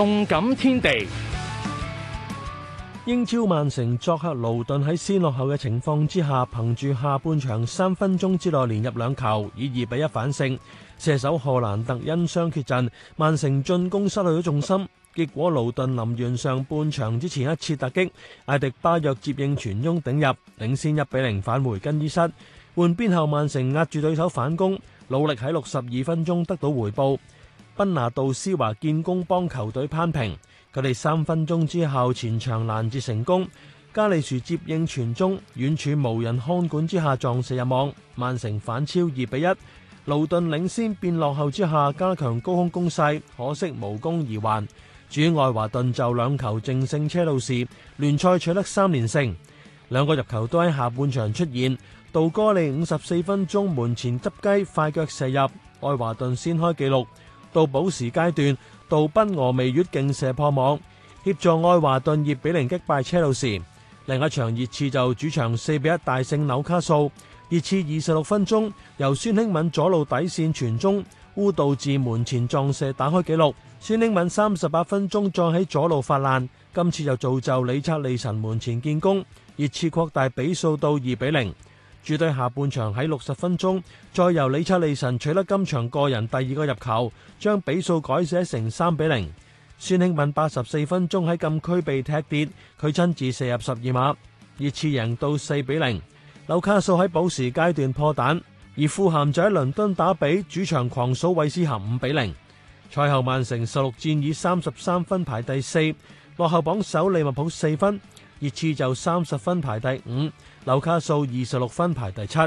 動感天地，英超曼城作客盧頓喺先落後嘅情況之下，憑住下半場三分鐘之內連入兩球，以二比一反勝。射手荷蘭特因傷缺陣，曼城進攻失去咗重心。結果盧頓臨完上半場之前一次突擊，艾迪巴約接應傳中頂入，領先一比零返回更衣室。換邊後，曼城壓住對手反攻，努力喺六十二分鐘得到回報。賓拿道斯華建功幫球隊攀平，佢哋三分鐘之後前場攔截成功，加利樹接應傳中，遠處無人看管之下撞射入網，曼城反超二比一。盧頓領先變落後之下加強高空攻勢，可惜無功而還。至於愛華頓就兩球淨勝車路士，聯賽取得三連勝。兩個入球都喺下半場出現，道哥利五十四分鐘門前執雞快腳射入，愛華頓先開紀錄。到補時階段，杜賓俄未越勁射破網，協助愛華頓二比零擊敗車路士。另一場熱刺就主場四比一大勝紐卡素。熱刺二十六分鐘由孫興敏左路底線傳中，烏道至門前撞射打開紀錄。孫興敏三十八分鐘再喺左路發難，今次就造就李策利神門前建功，熱刺擴大比數到二比零。主隊下半場喺六十分鐘，再由李察利臣取得今場個人第二個入球，將比數改寫成三比零。孫興慜八十四分鐘喺禁區被踢跌，佢親自射入十二碼，熱刺贏到四比零。紐卡素喺補時階段破蛋，而富咸就喺倫敦打比主場狂掃韋斯咸五比零。賽後曼城十六戰以三十三分排第四，落後榜首利物浦四分。熱刺就三十分排第五，紐卡素二十六分排第七。